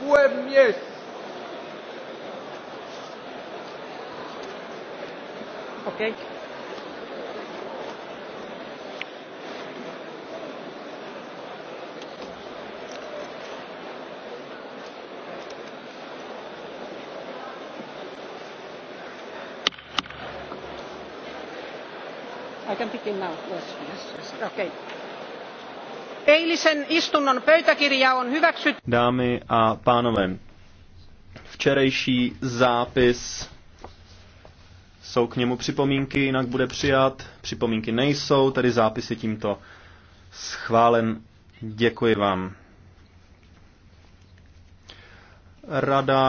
puhemies. Okay. I can pick him now. Yes, yes, yes. Okay. Eilisen istunnon pöytäkirja on hyväksytty. Dámy a pánové, včerejší zápis jsou k němu připomínky, jinak bude přijat. Připomínky nejsou, tedy zápis je tímto schválen. Děkuji vám. Rada